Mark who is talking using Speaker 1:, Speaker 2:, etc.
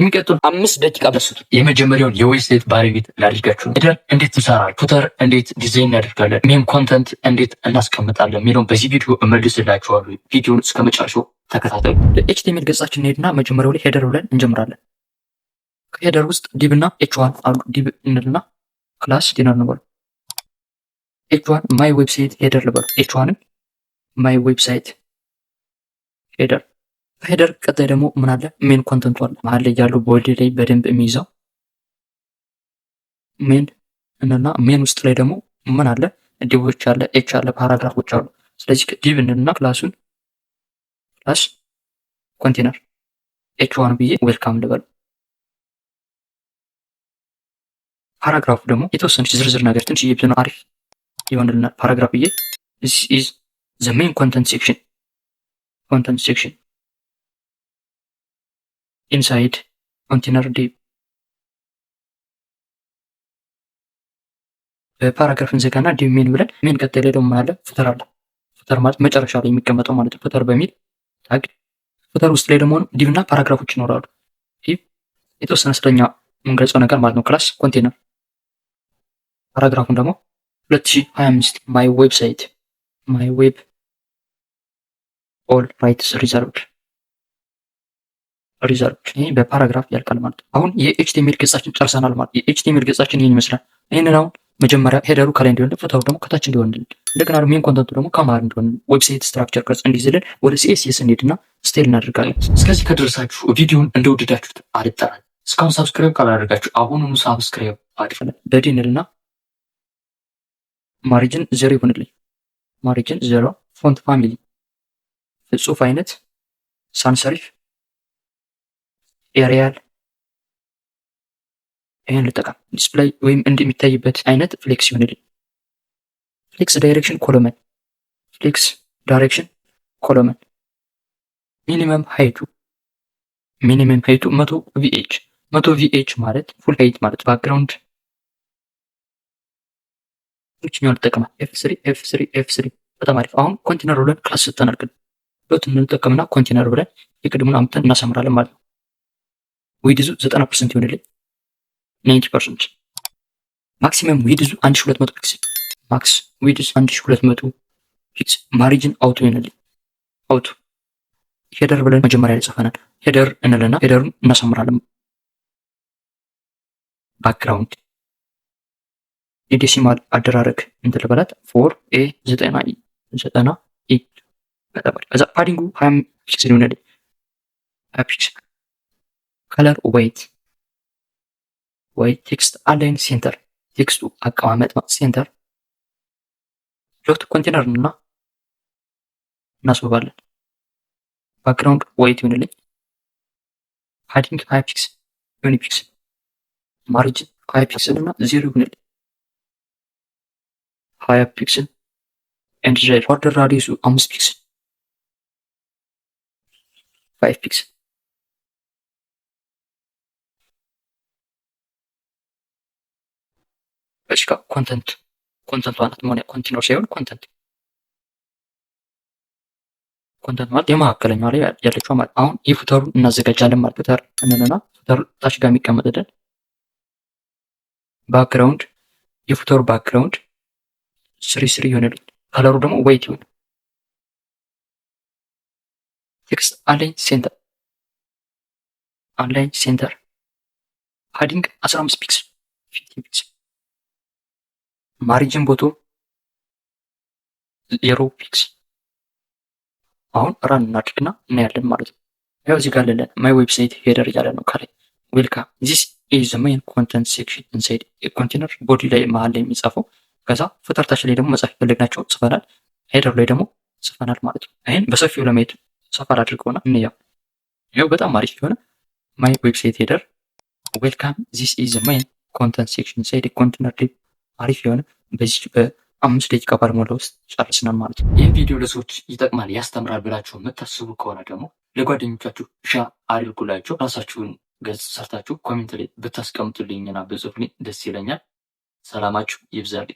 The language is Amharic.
Speaker 1: የሚቀጥሉ አምስት ደቂቃ በስቱ የመጀመሪያውን የዌብሳይት ባለቤት ላድርጋችሁ። ሄደር እንዴት ትሰራለህ፣ ፉተር እንዴት ዲዛይን እናደርጋለን፣ ሜም ኮንተንት እንዴት እናስቀምጣለን የሚለውን በዚህ ቪዲዮ እመልስላችኋለሁ። ቪዲዮን እስከ መጨረሻው ተከታተሉ።
Speaker 2: ለኤችቲኤምኤል ገጻችን ሄድና መጀመሪያው ላይ ሄደር ብለን እንጀምራለን። ከሄደር ውስጥ ዲብና ኤችዋን አሉ። ዲብ እንልና ክላስ ዲነር ንበሉ። ኤችዋን ማይ ዌብሳይት ሄደር ልበሉ። ኤችዋንም ማይ ዌብሳይት ሄደር ሄደር ቀጣይ ደግሞ ምን አለ ሜን ኮንተንቱ አለ መሀል ላይ ያሉ ቦዲ ላይ በደንብ የሚይዘው ሜን እና ሜን ውስጥ ላይ ደግሞ ምን አለ ዲቦች አለ ኤች አለ ፓራግራፎች አሉ። ስለዚህ ዲቭ እንልና ክላሱን ክላስ ኮንቴነር ኤች ዋን ብዬ ዌልካም ልበል። ፓራግራፉ ደግሞ የተወሰነች ዝርዝር ነገር ትንሽ ነው አሪፍ ይሆንልናል። ፓራግራፍ ብዬ ዚስ ኢዝ ዘ ሜን ኮንተንት ሴክሽን ኮንተንት ሴክሽን inside container div. በፓራግራፍ እንዘጋና ዲቭ ሜን ብለን ሜን ቀጣይ ላይ ደግሞ ያለ ፍተር አለ። ፍተር ማለት መጨረሻ ላይ የሚቀመጠው ማለት ነው። ፍተር በሚል ታግ ፍተር ውስጥ ላይ ደግሞ ዲቭ እና ፓራግራፎች ይኖራሉ። ዲቭ የተወሰነ ስለኛ የምንገልጸው ነገር ማለት ነው። ክላስ ኮንቴነር ፓራግራፉን ደግሞ 2025 ማይ ዌብሳይት ማይ ዌብ ኦል ራይትስ ሪዘርቭድ ሪዘርቭድ ይህ በፓራግራፍ ያልቃል ማለት ነው። አሁን የኤችቲኤምኤል ገጻችን ጨርሰናል ማለት የኤችቲኤምኤል ገጻችን ይህን ይመስላል። ይህንን አሁን መጀመሪያ ሄደሩ ከላይ እንዲሆንልን ፍታው ደግሞ ከታች እንዲሆንልን እንደገና ደግሞ ሜን ኮንተንቱ ደግሞ ከማር እንዲሆንልን ዌብሳይት ስትራክቸር ቅርጽ እንዲይዝልን ወደ ሲኤስኤስ እንሄድና ስቴል እናደርጋለን። እስከዚህ ከደረሳችሁ ቪዲዮን እንደወደዳችሁት አልጠራል። እስካሁን ሳብስክራይብ ካላደርጋችሁ አሁኑኑ ሳብስክራይብ አድርጉልን። በዲንልና ማሪጅን ዜሮ ይሆንልኝ። ማሪጅን ዜሮ ፎንት ፋሚሊ፣ ጽሁፍ አይነት ሳንሰሪፍ ኤሪያል ይህን ልጠቀም ዲስፕላይ ወይም እንደሚታይበት አይነት ፍሌክስ ይሆንልኝ። ፍሌክስ ዳይሬክሽን ኮሎመን ፍሌክስ ዳይሬክሽን ኮሎመን ሚኒመም ሀይቱ ሚኒመም ሀይቱ መቶ ቪኤች መቶ ቪኤች ማለት ፉል ሀይት ማለት ባክግራውንድ ይችኛውን ልጠቀማል። ኤፍ ስሪ ኤፍ ስሪ ኤፍ ስሪ በጣም አሪፍ። አሁን ኮንቴነር ብለን ክላስ ሰጠናል። ሁለቱን እንጠቀምና ኮንቴነር ብለን የቅድሙን አምተን እናሰምራለን ማለት ነው። ዊድዙ ዘጠና ፐርሰንት ይሆንልኝ። 90 ፐርሰንት ማክሲመም ዊድዙ 1200 ፒክስል ማክስ ዊድዝ 1200 ፒክስል ማሪጅን አውቶ ይሆንልኝ። አውቶ ሄደር ብለን መጀመሪያ ይጽፈናል ሄደር እንልና ሄደሩን እናሳምራለን። ባክግራውንድ የዴሲማል አደራረግ እንትልበላት ፎር ኤ ዘጠና ኢ ዘጠና ኢ ከዛ ፓዲንጉ ሀያ ፒክስል ይሆንልኝ ሀያ ፒክስል ከለር ዌይት ወይ ቴክስት አላይን ሴንተር ቴክስቱ አቀማመጥ ሴንተር ሎክት ኮንቴነር እና እናስውባለን። ባክግራውንድ ዌይት ይሁንልኝ። ሃዲንግ ሃይፒክስ ዩኒፒክስ ማርጅን ሃይፒክስን እና ዜሮ ይሁንልኝ። ሀያ ፒክስን ኤንድ ቦርደር ራዲየሱ አምስት ፒክስን ፋይቭ ፒክስን እሺ ኮንተንት ኮንተንት ማለት ምን መሆን ኮንቲነር ሳይሆን ኮንተንት ኮንተንት ማለት የመካከለኛዋ ላይ ያለችው ማለት አሁን ይህ እናዘጋጃለን ማለት ፉተር እንነና ፉተር ታች ጋር የሚቀመጥልን ባክግራውንድ የፉተሩ ባክግራውንድ ስሪ ስሪ ይሆንልን። ከለሩ ደግሞ ወይት ይሆን። ቴክስት አላይን ሴንተር አላይን ሴንተር ሃዲንግ 15 ፒክስል 15 ፒክስል ማሪጅን ቦቶ ዜሮ ፒክስ አሁን ራን እናድርግና እናያለን ማለት ነው። ያው እዚህ ጋር ያለን ማይ ዌብሳይት ሄደር እያለ ነው ከላይ ዌልካም ዚስ ኢዝ ሜን ኮንተንት ሴክሽን ኢንሳይድ ኮንቴነር ቦዲ ላይ መሀል ላይ የሚጻፈው ከዛ ፍጥረታችን ላይ ደግሞ መጻፍ ፈልግናቸው ጽፈናል። ሄደር ላይ ደግሞ ጽፈናል ማለት ነው። ይህን በሰፊው ለማየት ሰፋ አድርገውና እንያው። ይኸው በጣም አሪፍ የሆነ ማይ ዌብሳይት ሄደር ዌልካም ዚስ ኢዝ ሜን ኮንተንት ሴክሽን ኢንሳይድ ኮንቴነር አሪፍ የሆነ በዚህ በአምስት ደቂቃ ባልሞላ ውስጥ ጨርስናል ማለት ነው። ይህ ቪዲዮ ለሰዎች ይጠቅማል፣ ያስተምራል ብላችሁ የምታስቡ ከሆነ ደግሞ ለጓደኞቻችሁ ሻ አድርጉላቸው። ራሳችሁን ገጽ ሰርታችሁ ኮሜንት ላይ ብታስቀምጡልኝና በጽሁፍ ላይ ደስ ይለኛል። ሰላማችሁ ይብዛልኝ።